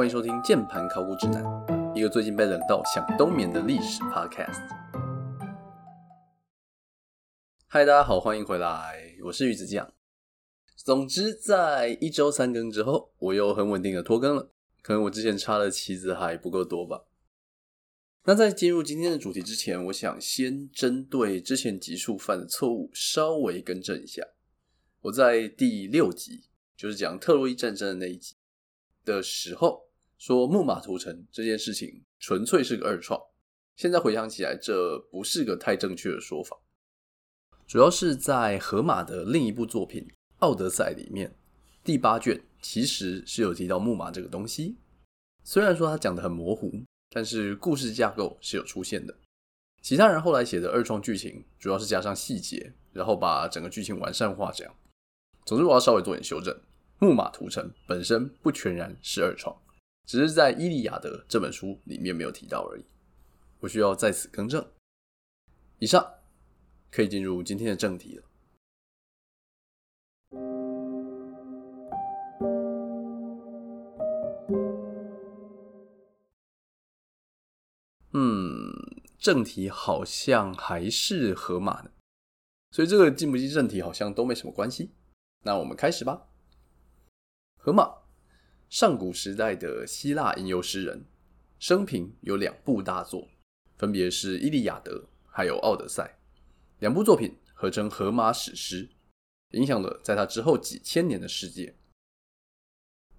歡迎收聽《鍵盤考古指南》，一個最近被冷到想冬眠的歷史 Podcast。嗨，大家好，歡迎回來，我是魚子醬。總之，在一周三更之後，我又很穩定的拖更了，可能我之前插的棋子還不夠多吧。那在進入今天的主題之前，我想先針對之前集數犯的錯誤稍微更正一下。我在第六集，就是講特洛伊戰爭的那一集的時候，說木馬屠城這件事情純粹是個二創，現在回想起來，這不是個太正確的說法。主要是在荷馬的另一部作品《奧德賽》裡面，第八卷其實是有提到木馬這個東西，雖然說他講得很模糊，但是故事架構是有出現的。其他人後來寫的二創劇情，主要是加上細節，然後把整個劇情完善化這樣。總之，我要稍微做點修正，木馬屠城本身不全然是二創。只是在《伊利亞德》這本書裡面沒有提到而已，我需要在此更正。以上，可以進入今天的正題了。嗯，正題好像還是荷馬的，所以這個進不進正題好像都沒什麼關係。那我們開始吧，荷馬。上古時代的希臘吟遊詩人，生平有兩部大作，分別是《伊利亞德》還有《奧德賽》，兩部作品合稱《荷馬史詩》，影響了在他之後幾千年的世界。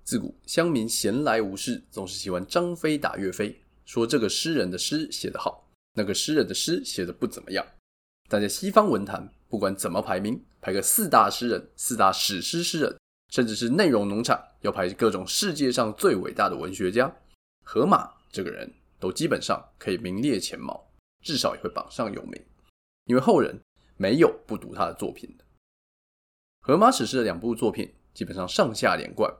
自古鄉民閒來無事，總是喜歡張飛打岳飛，說這個詩人的詩寫得好，那個詩人的詩寫得不怎麼樣。但在西方文壇，不管怎麼排名，排個四大詩人，四大史詩詩人。甚至是內容農場要排各種世界上最偉大的文學家，荷馬這個人，都基本上可以名列前茅，至少也會榜上有名，因為後人沒有不讀他的作品的。荷馬史詩的兩部作品基本上上下連貫，《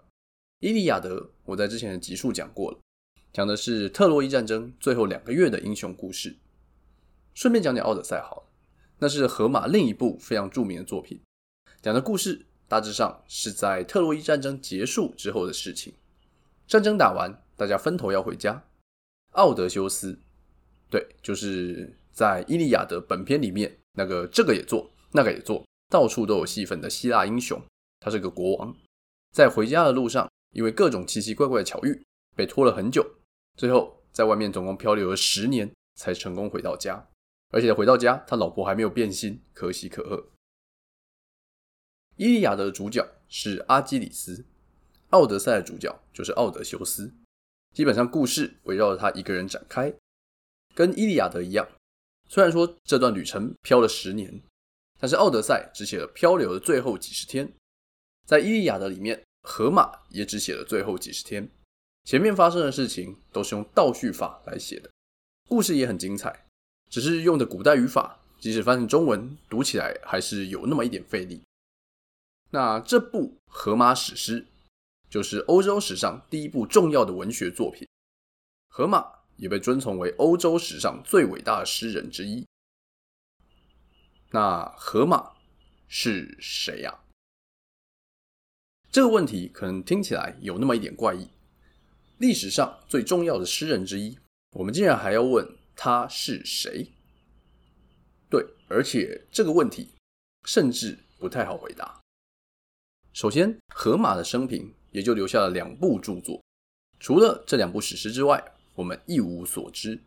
伊利亞德》，我在之前的集數講過了，講的是特洛伊戰爭最後兩個月的英雄故事。順便講講《奧德賽》好了，那是荷馬另一部非常著名的作品，講的故事。大致上是在特洛伊戰爭結束之後的事情。戰爭打完，大家分頭要回家。奧德修斯，對，就是在《伊利亞德》本篇裡面那個這個也做，那個也做，到處都有戲份的希臘英雄。他是個國王，在回家的路上因為各種奇奇怪怪的巧遇被拖了很久，最後在外面總共漂流了十年才成功回到家。而且回到家，他老婆還沒有變心，可喜可賀。《伊利亞德》的主角是阿基里斯，《奧德賽》的主角就是奧德修斯。基本上，故事圍繞着他一個人展開，跟《伊利亞德》一樣。雖然說這段旅程漂了十年，但是《奧德賽》只寫了漂流的最後幾十天。在《伊利亞德》裡面，荷馬也只寫了最後幾十天，前面發生的事情都是用倒敘法來寫的。故事也很精彩，只是用的古代語法，即使翻譯中文，讀起來還是有那麼一點費力。那這部《荷馬史詩》就是歐洲史上第一部重要的文學作品，荷馬也被尊崇為歐洲史上最偉大的詩人之一。那荷馬是誰啊？這個問題可能聽起來有那麼一點怪異。歷史上最重要的詩人之一，我們竟然還要問他是誰？對，而且這個問題甚至不太好回答。首先，河馬的生平也就留下了兩部著作。除了這兩部史詩之外，我們一無所知，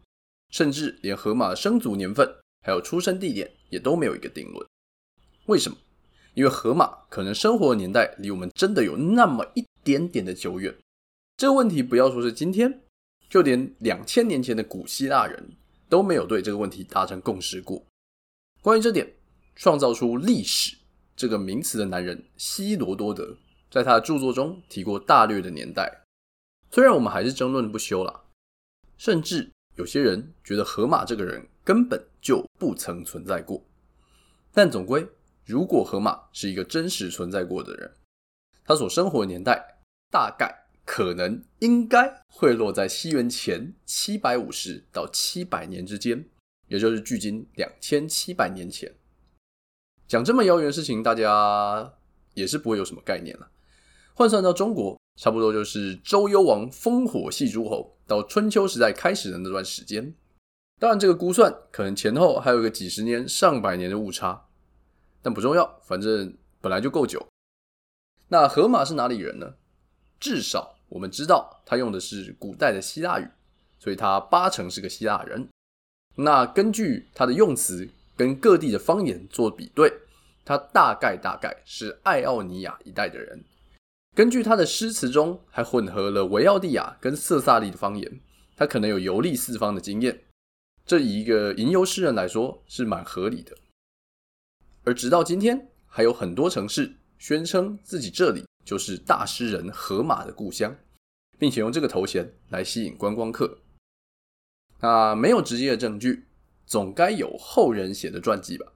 甚至連河馬的生卒年份還有出生地點也都沒有一個定論。為什麼？因為河馬可能生活的年代離我們真的有那麼一點點的久遠。這個問題不要說是今天，就連兩千年前的古希臘人都沒有對這個問題達成共識過。關於這點，創造出歷史。這個名詞的男人希羅多德，在他的著作中提過大略的年代。雖然我們還是爭論不休啦，甚至有些人覺得荷馬這個人根本就不曾存在過。但總歸，如果荷馬是一個真實存在過的人，他所生活的年代大概可能應該會落在西元前七百五十到七百年之間，也就是距今兩千七百年前。講這麼遙遠的事情，大家也是不會有什麼概念了。換算到中國，差不多就是周幽王烽火戲諸侯到春秋時代開始的那段時間。當然，這個估算可能前後還有一個幾十年、上百年的誤差，但不重要，反正本來就夠久。那荷馬是哪裡人呢？至少我們知道他用的是古代的希臘語，所以他八成是個希臘人。那根據他的用詞。跟各地的方言做比對，他大概大概是愛奧尼亞一帶的人。根據他的詩詞中還混合了維奧蒂亞跟色薩利的方言，他可能有遊歷四方的經驗。這以一個吟遊詩人來說是蠻合理的。而直到今天，還有很多城市宣稱自己這裡就是大詩人荷馬的故鄉，並且用這個頭銜來吸引觀光客。那沒有直接的證據，總該有後人寫的傳記吧？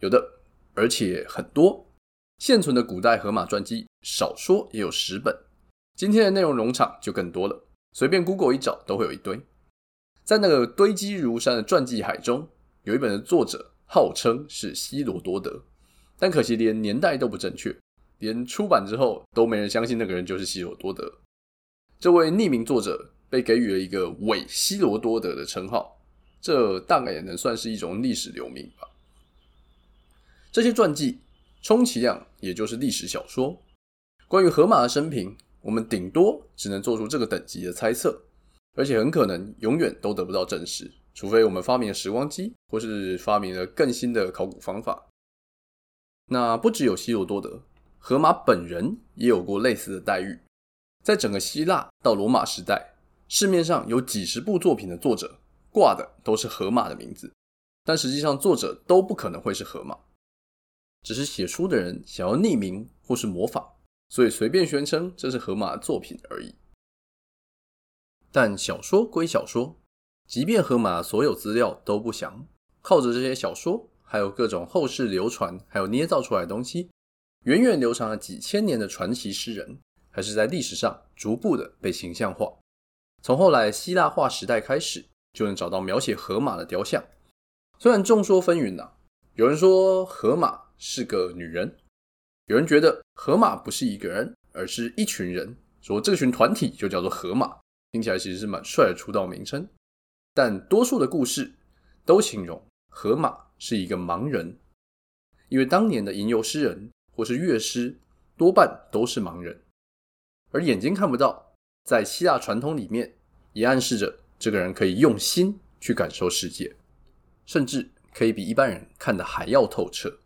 有的，而且很多。現存的古代荷馬傳記，少說也有十本。今天的內容農場就更多了，隨便 Google 一找都會有一堆。在那個堆積如山的傳記海中，有一本的作者號稱是希羅多德，但可惜連年代都不正確，連出版之後都沒人相信那個人就是希羅多德。這位匿名作者被給予了一個偽希羅多德的稱號。這大概也能算是一種歷史留名吧。這些傳記充其量也就是歷史小說。關於荷馬的生平，我們頂多只能做出這個等級的猜測，而且很可能永遠都得不到證實，除非我們發明了時光機，或是發明了更新的考古方法。那不只有希羅多德，荷馬本人也有過類似的待遇。在整個希臘到羅馬時代，市面上有幾十部作品的作者，掛的都是荷馬的名字，但實際上作者都不可能會是荷馬，只是寫書的人想要匿名或是模仿，所以隨便宣稱這是荷馬作品而已。但小說歸小說，即便荷馬所有資料都不詳，靠着這些小說，還有各種後世流傳，還有捏造出來的東西，遠遠流傳了幾千年的傳奇詩人，還是在歷史上逐步的被形象化。從後來希臘化時代開始，就能找到描寫荷馬的雕像。雖然眾說紛紜吶、啊，有人說荷馬是個女人，有人覺得荷馬不是一個人，而是一群人，說這群團體就叫做荷馬，聽起來其實是蠻帥的出道名稱。但多數的故事都形容荷馬是一個盲人，因為當年的吟遊詩人或是樂師多半都是盲人，而眼睛看不到，在希臘傳統裡面也暗示着。這個人可以用心去感受世界，甚至可以比一般人看得還要透徹。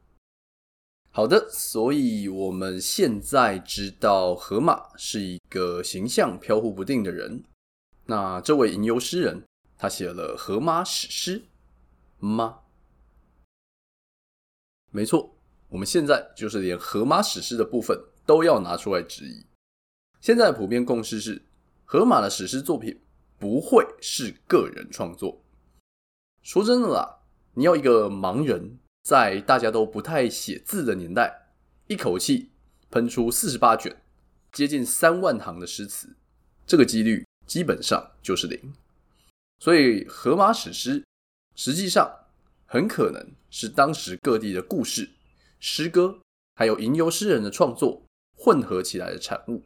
好的，所以我們現在知道，荷馬是一個形象飄忽不定的人。那這位吟游詩人，他寫了《荷馬史詩》嗎？沒錯，我們現在就是連《荷馬史詩》的部分都要拿出來質疑。現在普遍共識是，荷馬的史詩作品。不會是個人創作。說真的啦，你要一個盲人在大家都不太寫字的年代，一口氣噴出四十八卷、接近三萬行的詩詞，這個幾率基本上就是零。所以，《荷馬史詩》實際上很可能是當時各地的故事、詩歌，還有吟遊詩人的創作混合起來的產物。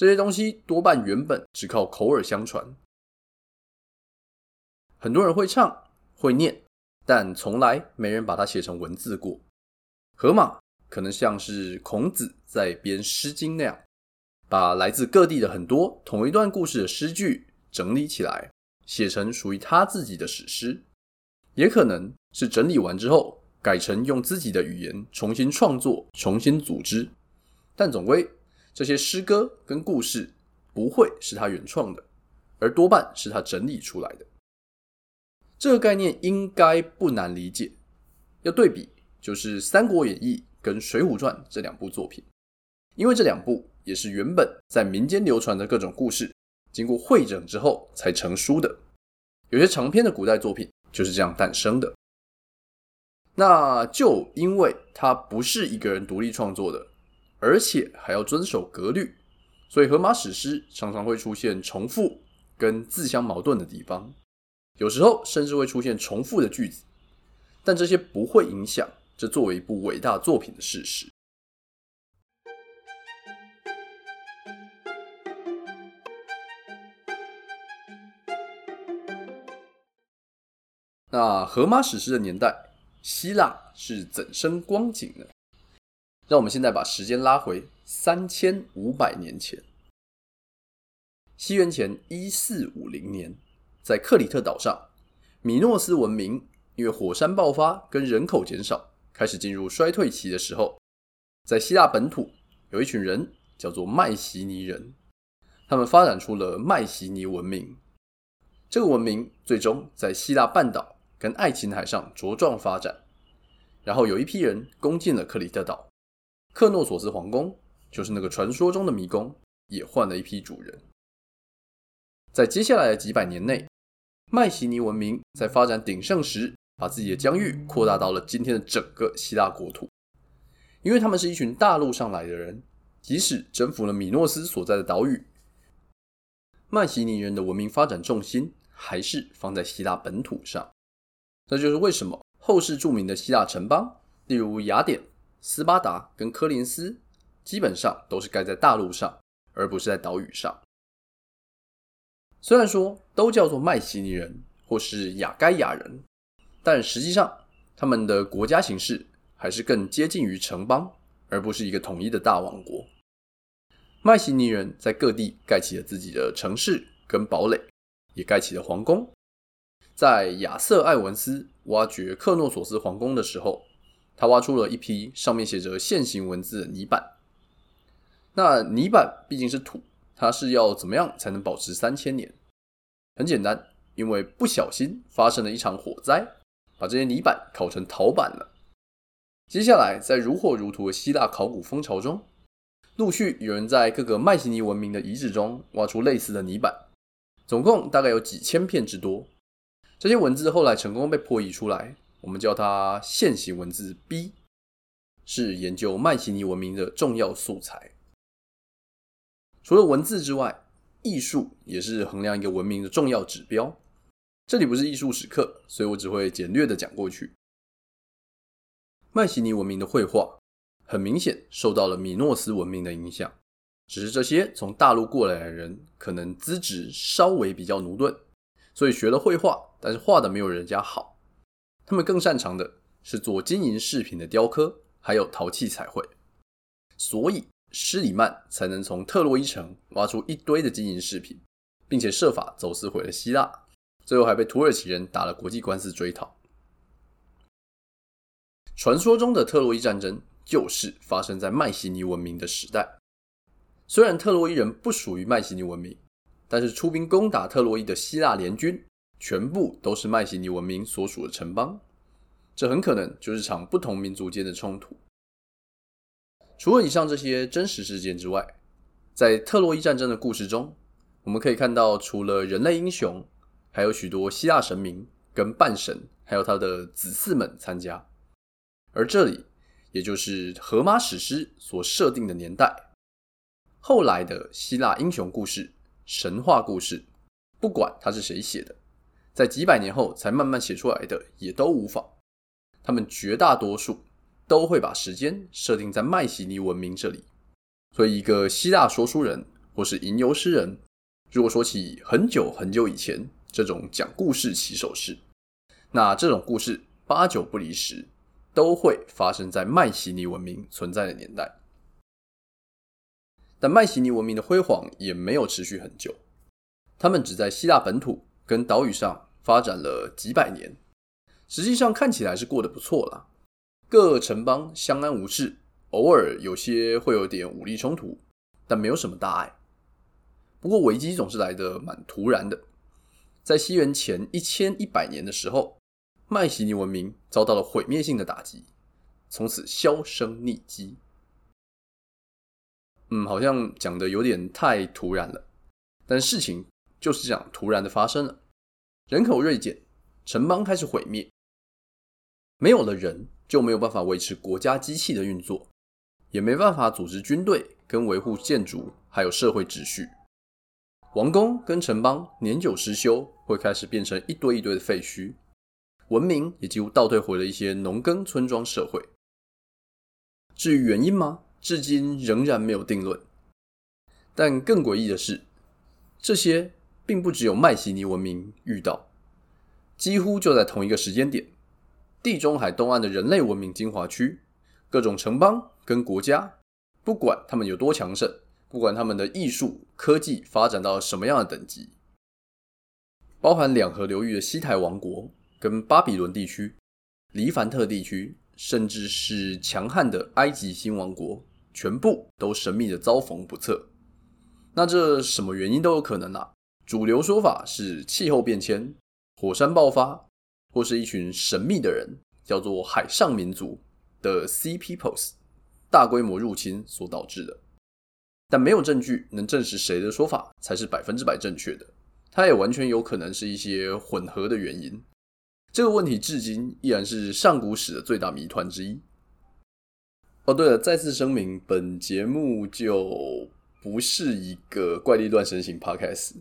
這些東西多半原本只靠口耳相傳，很多人會唱、會念，但從來沒人把它寫成文字過。荷馬可能像是孔子在編《詩經》那樣，把來自各地的很多同一段故事的詩句整理起來，寫成屬於他自己的史詩；也可能是整理完之後，改成用自己的語言重新創作、重新組織。但總歸。這些詩歌跟故事不會是他原創的，而多半是他整理出來的。這個概念應該不難理解。要對比，就是《三國演義》跟《水滸傳》這兩部作品，因為這兩部也是原本在民間流傳的各種故事，經過匯整之後才成書的。有些長篇的古代作品就是這樣誕生的。那就因為它不是一個人獨立創作的。而且還要遵守格律，所以《荷馬史詩》常常會出現重複跟自相矛盾的地方，有時候甚至會出現重複的句子，但這些不會影響這作為一部偉大作品的事實。那《荷馬史詩》的年代，希臘是怎生光景呢？那我們現在把時間拉回三千五百年前，西元前一四五零年，在克里特島上，米諾斯文明因為火山爆發跟人口減少，開始進入衰退期的時候，在希臘本土有一群人叫做麥西尼人，他們發展出了邁錫尼文明。這個文明最終在希臘半島跟愛琴海上茁壯發展，然後有一批人攻進了克里特島。克諾索斯皇宮就是那個傳說中的迷宮，也換了一批主人。在接下來的幾百年內，邁錫尼文明在發展鼎盛時，把自己的疆域擴大到了今天的整個希臘國土。因為他們是一群大陸上來的人，即使征服了米諾斯所在的島嶼，邁錫尼人的文明發展重心還是放在希臘本土上。這就是為什麼後世著名的希臘城邦，例如雅典。斯巴達跟科林斯，基本上都是蓋在大陸上，而不是在島嶼上。雖然說都叫做邁錫尼人或是亞該亞人，但實際上他們的國家形式還是更接近於城邦，而不是一個統一的大王國。邁錫尼人在各地蓋起了自己的城市跟堡壘，也蓋起了皇宮。在亞瑟·艾文斯挖掘克諾索斯皇宮的時候，他挖出了一批上面寫着線形文字的泥板。那泥板畢竟是土，它是要怎麼樣才能保持三千年？很簡單，因為不小心發生了一場火災，把這些泥板烤成陶板了。接下來，在如火如荼的希臘考古風潮中，陸續有人在各個邁錫尼文明的遺址中挖出類似的泥板，總共大概有幾千片之多。這些文字後來成功被破譯出來。我們叫它線形文字 B，是研究邁錫尼文明的重要素材。除了文字之外，藝術也是衡量一個文明的重要指標。這裡不是藝術史課，所以我只會簡略的講過去。邁錫尼文明的繪畫，很明顯受到了米諾斯文明的影響。只是這些從大陸過來的人，可能資質稍微比較駑鈍，所以學了繪畫，但是畫的沒有人家好。他們更擅長的是做金銀飾品的雕刻，還有陶器彩繪，所以施里曼才能從特洛伊城挖出一堆的金銀飾品，並且設法走私回了希臘，最後還被土耳其人打了國際官司追討。傳說中的特洛伊戰爭就是發生在邁錫尼文明的時代。雖然特洛伊人不屬於邁錫尼文明，但是出兵攻打特洛伊的希臘聯軍。全部都是邁錫尼文明所屬的城邦，這很可能就是場不同民族間的衝突。除了以上這些真實事件之外，在特洛伊戰爭的故事中，我們可以看到，除了人類英雄，還有許多希臘神明跟半神，還有他的子嗣們參加。而這裡，也就是荷馬史詩所設定的年代，後來的希臘英雄故事、神話故事，不管它是誰寫的。在幾百年後才慢慢寫出來的，也都無妨。他們絕大多數都會把時間設定在麥西尼文明這裡。所以，一個希臘說書人或是吟遊詩人，如果說起很久很久以前這種講故事起手式，那這種故事八九不離十都會發生在麥西尼文明存在的年代。但麥西尼文明的輝煌也沒有持續很久，他們只在希臘本土跟島嶼上，發展了幾百年，實際上看起來是過得不錯了，各城邦相安無事，偶爾有些會有點武力衝突，但沒有什麼大礙。不過危機總是來得蠻突然的。在西元前一千一百年的時候，邁錫尼文明遭到了毀滅性的打擊，從此銷聲匿跡。嗯，好像講的有點太突然了，但事情就是這樣突然的發生了。人口銳減，城邦開始毀滅。沒有了人，就沒有辦法維持國家機器的運作，也沒辦法組織軍隊跟維護建築，還有社會秩序。王宮跟城邦年久失修，會開始變成一堆一堆的廢墟。文明也幾乎倒退回了一些農耕村莊社會。至於原因嗎？至今仍然沒有定論。但更詭異的是，這些並不只有邁錫尼文明遇到，幾乎就在同一個時間點，地中海東岸的人類文明精華區，各種城邦跟國家，不管他們有多強盛，不管他們的藝術科技發展到什麼樣的等級，包含兩河流域的西台王國跟巴比倫地區、黎凡特地區，甚至是強悍的埃及新王國，全部都神秘的遭逢不測。那這什麼原因都有可能啊？主流說法是氣候變遷、火山爆發，或是一群神秘的人，叫做海上民族的 Sea Peoples，大規模入侵所導致的。但沒有證據能證實誰的說法才是百分之百正確的，它也完全有可能是一些混合的原因。這個問題至今依然是上古史的最大謎團之一。哦，對了，再次聲明，本節目就不是一個怪力亂神型 Podcast。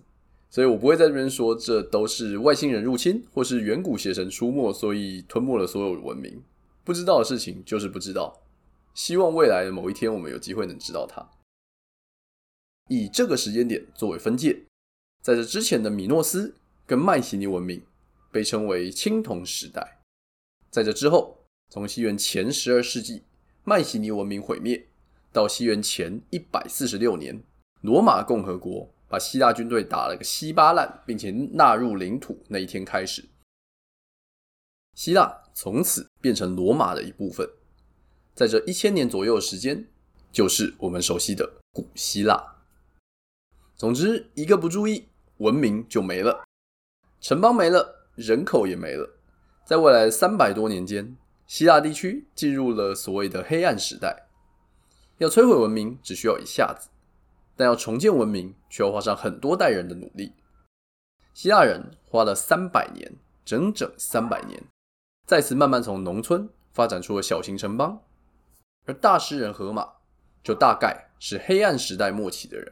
所以我不會在這邊說，這都是外星人入侵或是遠古邪神出沒，所以吞沒了所有文明。不知道的事情就是不知道，希望未來的某一天我們有機會能知道它。以這個時間點作為分界，在這之前的米諾斯跟邁錫尼文明被稱為青銅時代，在這之後，從西元前十二世紀邁錫尼文明毀滅到西元前一百四十六年羅馬共和國。把希臘軍隊打了個稀巴爛，並且納入領土那一天開始，希臘從此變成羅馬的一部分。在這一千年左右的時間，就是我們熟悉的古希臘。總之，一個不注意，文明就沒了，城邦沒了，人口也沒了。在未來三百多年間，希臘地區進入了所謂的黑暗時代。要摧毀文明，只需要一下子。但要重建文明，卻要花上很多代人的努力。希臘人花了三百年，整整三百年，再次慢慢從農村發展出了小型城邦。而大詩人荷馬就大概是黑暗時代末期的人，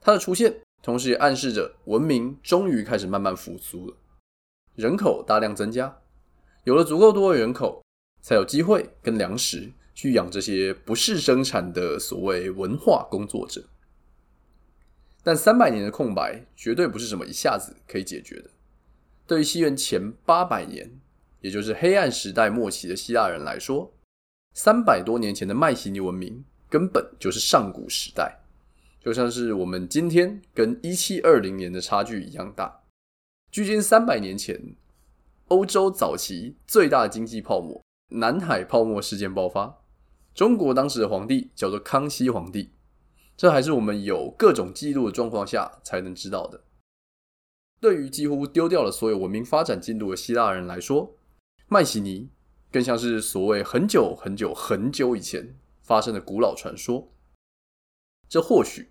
他的出現同時也暗示着文明終於開始慢慢復蘇了。人口大量增加，有了足夠多的人口，才有機會跟糧食去養這些不事生產的所謂文化工作者。但三百年的空白絕對不是什麼一下子可以解決的。對於西元前八百年，也就是黑暗時代末期的希臘人來說，三百多年前的麥西尼文明根本就是上古時代，就像是我們今天跟一七二零年的差距一樣大。距今三百年前，歐洲早期最大的經濟泡沫——南海泡沫事件爆發，中國當時的皇帝叫做康熙皇帝。這還是我們有各種記錄的狀況下才能知道的。對於幾乎丟掉了所有文明發展進度的希臘人來說，邁錫尼更像是所謂很久很久很久以前發生的古老傳說。這或許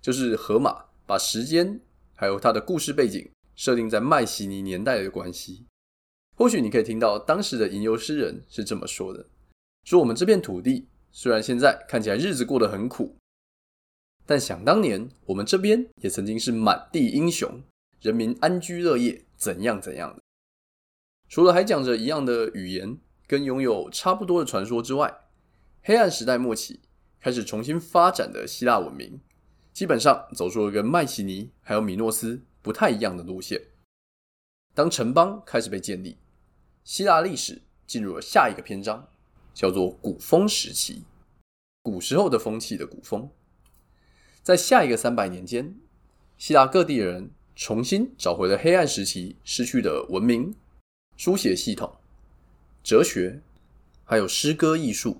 就是荷馬把時間還有他的故事背景設定在邁錫尼年代的關係。或許你可以聽到當時的吟遊詩人是這麼說的：“說我們這片土地雖然現在看起來日子過得很苦。”但想當年，我們這邊也曾經是滿地英雄，人民安居樂業，怎樣怎樣的。除了還講着一樣的語言，跟擁有差不多的傳說之外，黑暗時代末期開始重新發展的希臘文明，基本上走出了跟邁錫尼還有米諾斯不太一樣的路線。當城邦開始被建立，希臘歷史進入了下一個篇章，叫做古風時期。古時候的風氣的古風。在下一個三百年間，希臘各地人重新找回了黑暗時期失去的文明、書寫系統、哲學，還有詩歌藝術，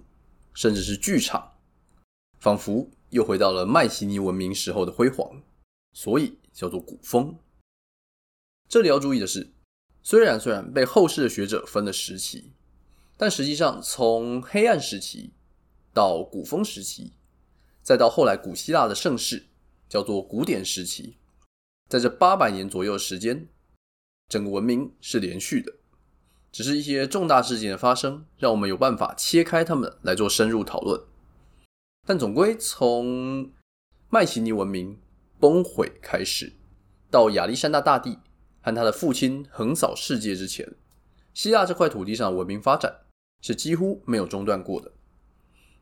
甚至是劇場，仿佛又回到了邁錫尼文明時候的輝煌，所以叫做古風。這裡要注意的是，雖然雖然被後世的學者分了時期，但實際上從黑暗時期到古風時期。再到後來，古希臘的盛世叫做古典時期，在這八百年左右的時間，整個文明是連續的，只是一些重大事件的發生，讓我們有辦法切開它們來做深入討論。但總歸從邁錫尼文明崩毀開始，到亞歷山大大帝和他的父親橫掃世界之前，希臘這塊土地上的文明發展是幾乎沒有中斷過的。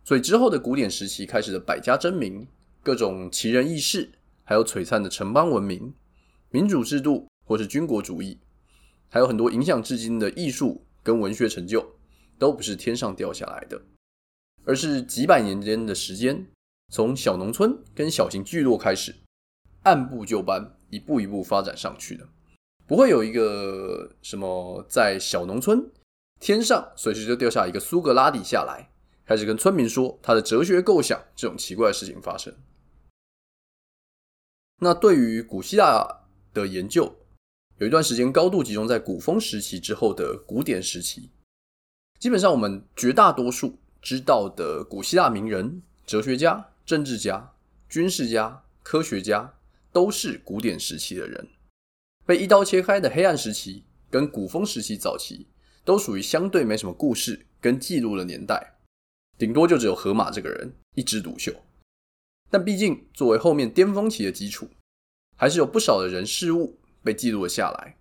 所以之後的古典時期開始的百家爭鳴，各種奇人異事，還有璀璨的城邦文明、民主制度或是軍國主義，還有很多影響至今的藝術跟文學成就，都不是天上掉下來的，而是幾百年間的時間，從小農村跟小型聚落開始，按部就班，一步一步發展上去的，不會有一個什麼在小農村天上隨時就掉下一個蘇格拉底下來，開始跟村民說他的哲學構想，這種奇怪的事情發生。那對於古希臘的研究，有一段時間高度集中在古風時期之後的古典時期。基本上，我們絕大多數知道的古希臘名人、哲學家、政治家、軍事家、科學家，都是古典時期的人。被一刀切開的黑暗時期跟古風時期早期，都屬於相對沒什麼故事跟記錄的年代。頂多就只有荷馬這個人一枝獨秀，但畢竟作為後面巔峰期的基礎，還是有不少的人事物被記錄了下來。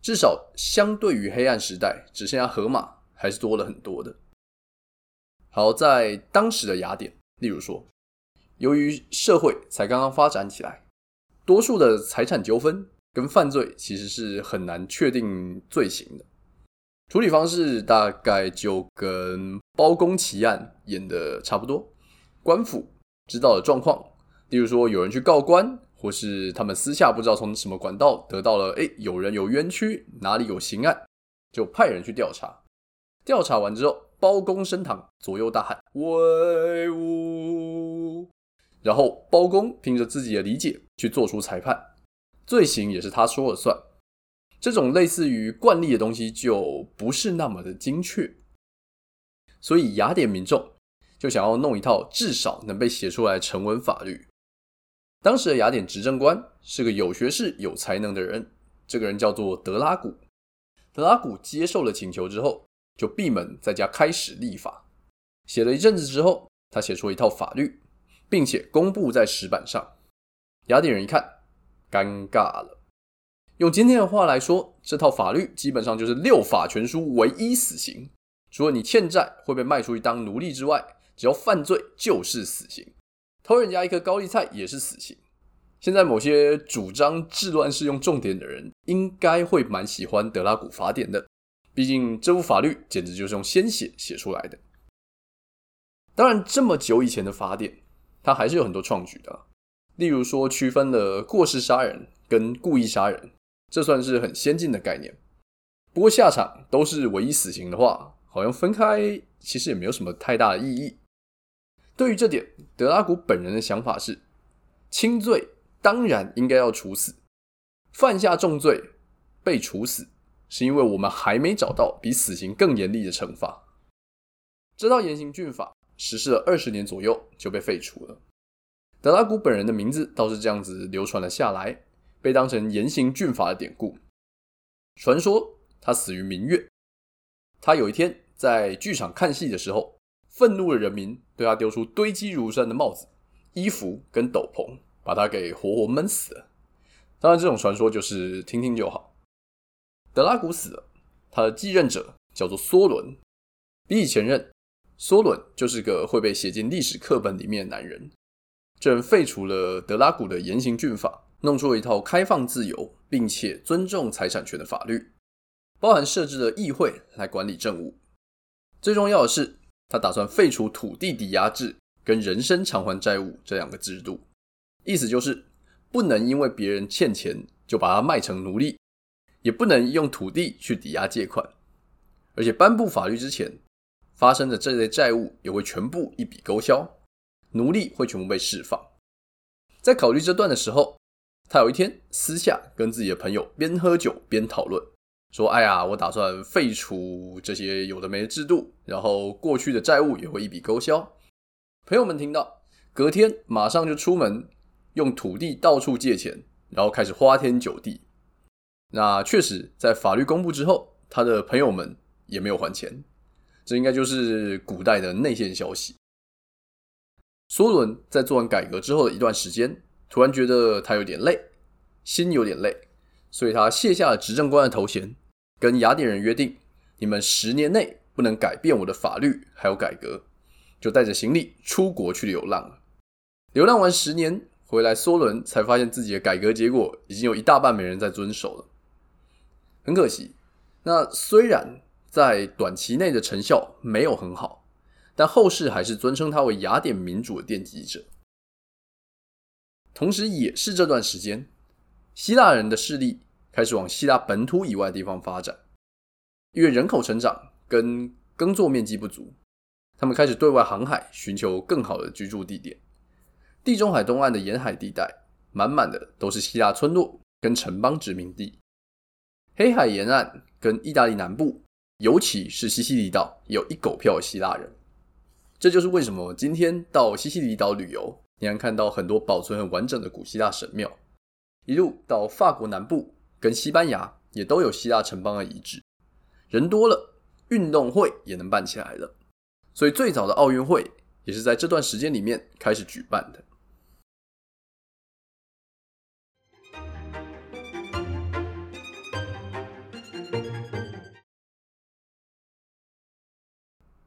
至少相對於黑暗時代，只剩下荷馬，還是多了很多的。好，在當時的雅典，例如說，由於社會才剛剛發展起來，多數的財產糾紛跟犯罪其實是很難確定罪行的，處理方式大概就跟。包公奇案演的差不多，官府知道了狀況，例如說有人去告官，或是他們私下不知道從什麼管道得到了，哎，有人有冤屈，哪裡有刑案，就派人去調查。調查完之後，包公升堂，左右大喊威武，然後包公憑着自己的理解去做出裁判，罪行也是他說了算。這種類似於慣例的東西，就不是那麼的精確。所以，雅典民眾就想要弄一套至少能被寫出來成文法律。當時的雅典執政官是個有學識、有才能的人，這個人叫做德拉古。德拉古接受了請求之後，就閉門在家開始立法。寫了一陣子之後，他寫出一套法律，並且公布在石板上。雅典人一看，尷尬了。用今天的話來說，這套法律基本上就是《六法全書》唯一死刑。除了你欠債會被賣出去當奴隸之外，只要犯罪就是死刑，偷人家一顆高麗菜也是死刑。現在某些主張治亂世用重典的人，應該會蠻喜歡德拉古法典的，畢竟這部法律簡直就是用鮮血寫出來的。當然，這麼久以前的法典，它還是有很多創舉的，例如說區分了過失殺人跟故意殺人，這算是很先進的概念。不過下場都是唯一死刑的話。好像分開其實也沒有什麼太大的意義。對於這點，德拉古本人的想法是：輕罪當然應該要處死，犯下重罪被處死，是因為我們還沒找到比死刑更嚴厲的懲罰。這套嚴刑峻法實施了二十年左右就被廢除了。德拉古本人的名字倒是這樣子流傳了下來，被當成嚴刑峻法的典故。傳說他死於民怨。他有一天在劇場看戲的時候，憤怒的人民對他丟出堆積如山的帽子、衣服跟斗篷，把他給活活悶死了。當然，這種傳說就是聽聽就好。德拉古死了，他的繼任者叫做梭倫。比以前任，梭倫就是個會被寫進歷史課本裡面的男人。這人廢除了德拉古的嚴刑峻法，弄出了一套開放自由並且尊重財產權的法律。包含設置的議會來管理政務，最重要的是，他打算廢除土地抵押制跟人身償還債務這兩個制度，意思就是不能因為別人欠錢就把他賣成奴隸，也不能用土地去抵押借款，而且頒布法律之前發生的這類債務也會全部一筆勾銷，奴隸會全部被釋放。在考慮這段的時候，他有一天私下跟自己的朋友邊喝酒邊討論。說：“哎呀，我打算廢除這些有的沒的制度，然後過去的債務也會一筆勾銷。”朋友們聽到，隔天馬上就出門，用土地到處借錢，然後開始花天酒地。那確實，在法律公布之後，他的朋友們也沒有還錢。這應該就是古代的內線消息。梭倫在做完改革之後的一段時間，突然覺得他有點累，心有點累，所以他卸下了執政官的頭銜。跟雅典人約定，你們十年內不能改變我的法律還有改革，就帶着行李出國去流浪了。流浪完十年回來，梭倫才發現自己的改革結果已經有一大半沒人在遵守了。很可惜，那雖然在短期內的成效沒有很好，但後世還是尊稱他為雅典民主的奠基者。同時，也是這段時間，希臘人的勢力開始往希臘本土以外的地方發展，因為人口成長跟耕作面積不足，他們開始對外航海，尋求更好的居住地點。地中海東岸的沿海地帶，滿滿的都是希臘村落跟城邦殖民地。黑海沿岸跟意大利南部，尤其是西西里島，有一狗票的希臘人。這就是為什麼今天到西西里島旅遊，你能看到很多保存很完整的古希臘神廟。一路到法國南部，跟西班牙也都有希臘城邦的遺址，人多了，運動會也能辦起來了。所以最早的奧運會也是在這段時間裡面開始舉辦的。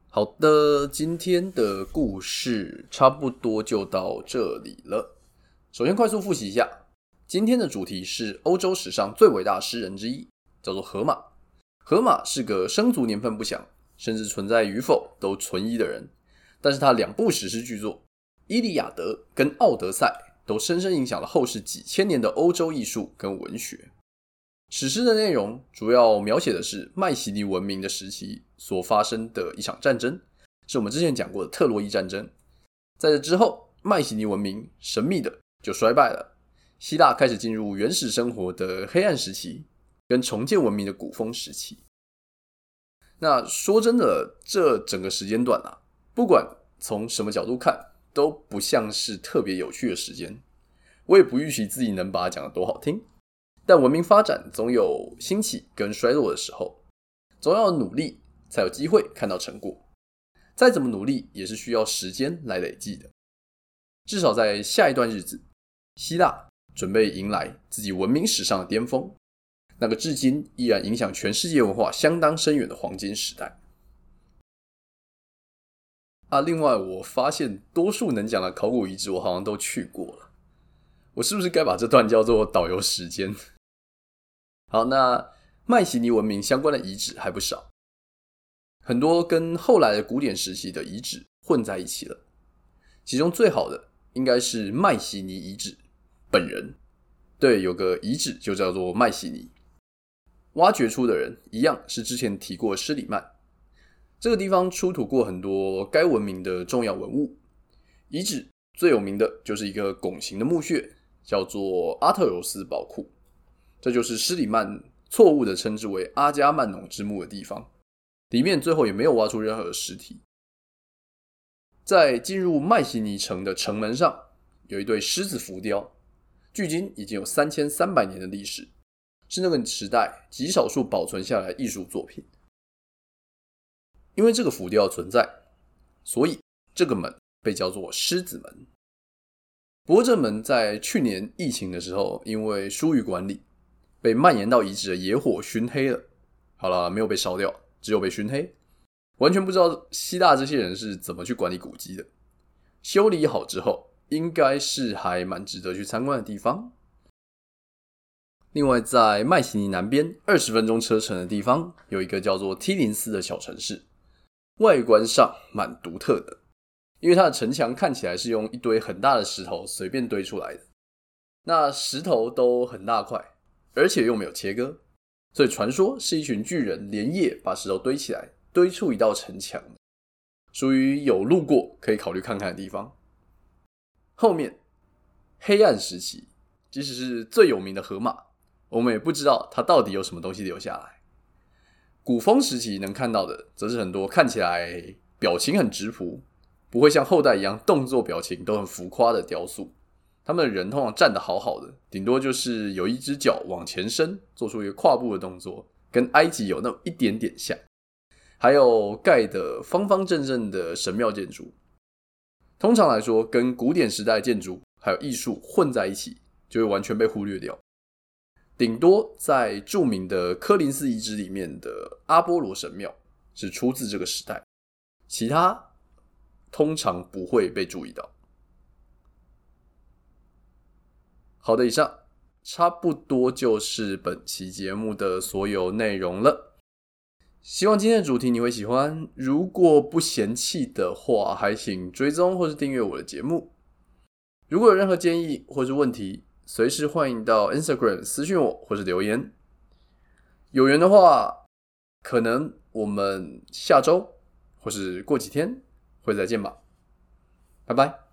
好的，今天的故事差不多就到這裡了。首先快速複習一下。今天的主題是歐洲史上最偉大詩人之一，叫做荷馬。荷馬是個生卒年份不詳，甚至存在與否都存疑的人。但是他兩部史詩巨作《伊利亞德》跟《奧德賽》都深深影響了後世幾千年的歐洲藝術跟文學。史詩的內容主要描寫的是邁錫尼文明的時期所發生的一場戰爭，是我們之前講過的特洛伊戰爭。在這之後，邁錫尼文明神秘的就衰敗了。希臘開始進入原始生活的黑暗時期，跟重建文明的古風時期。那說真的，這整個時間段啊，不管從什麼角度看，都不像是特別有趣的時間。我也不預期自己能把它講得多好聽。但文明發展總有興起跟衰落的時候，總要努力才有機會看到成果。再怎麼努力，也是需要時間來累積的。至少在下一段日子，希臘，準備迎來自己文明史上的巔峰，那個至今依然影響全世界文化相當深遠的黃金時代。啊，另外我發現，多數能講的考古遺址，我好像都去過了。我是不是該把這段叫做導遊時間？好，那邁錫尼文明相關的遺址還不少，很多跟後來的古典時期的遺址混在一起了。其中最好的應該是邁錫尼遺址。本人，對有個遺址就叫做邁錫尼，挖掘出的人一樣是之前提過的施里曼。這個地方出土過很多該文明的重要文物。遺址最有名的就是一個拱形的墓穴，叫做阿特柔斯寶庫。這就是施里曼錯誤地稱之為阿加曼農之墓的地方。裡面最後也沒有挖出任何屍體。在進入邁錫尼城的城門上，有一對獅子浮雕。距今已經有三千三百年的歷史，是那個時代極少數保存下來藝術作品。因為這個浮雕存在，所以這個門被叫做獅子門。不過這門在去年疫情的時候，因為疏於管理，被蔓延到遺址的野火燻黑了。好了，沒有被燒掉，只有被燻黑。完全不知道希臘這些人是怎麼去管理古蹟的。修理好之後，應該是還蠻值得去參觀的地方。另外，在麥西尼南邊二十分鐘車程的地方，有一個叫做梯林斯的小城市，外觀上蠻獨特的，因為它的城牆看起來是用一堆很大的石頭隨便堆出來的，那石頭都很大塊，而且又沒有切割，所以傳說是一群巨人連夜把石頭堆起來，堆出一道城牆，屬於有路過可以考慮看看的地方。後面黑暗時期，即使是最有名的荷馬，我們也不知道它到底有什麼東西留下來。古風時期能看到的，則是很多看起來表情很質樸，不會像後代一樣動作表情都很浮誇的雕塑。他們的人通常站得好好的，頂多就是有一隻腳往前伸，做出一個跨步的動作，跟埃及有那麼一點點像。還有蓋的方方正正的神廟建築。通常來說，跟古典時代建築還有藝術混在一起，就會完全被忽略掉。頂多在著名的科林斯遺址裡面的阿波羅神廟是出自這個時代，其他通常不會被注意到。好的，以上差不多就是本期節目的所有內容了。希望今天的主題你會喜歡。如果不嫌棄的話，還請追蹤或是訂閱我的節目。如果有任何建議或是問題，隨時歡迎到 Instagram 私訊我或是留言。有緣的話，可能我們下週或是過幾天會再見吧。拜拜。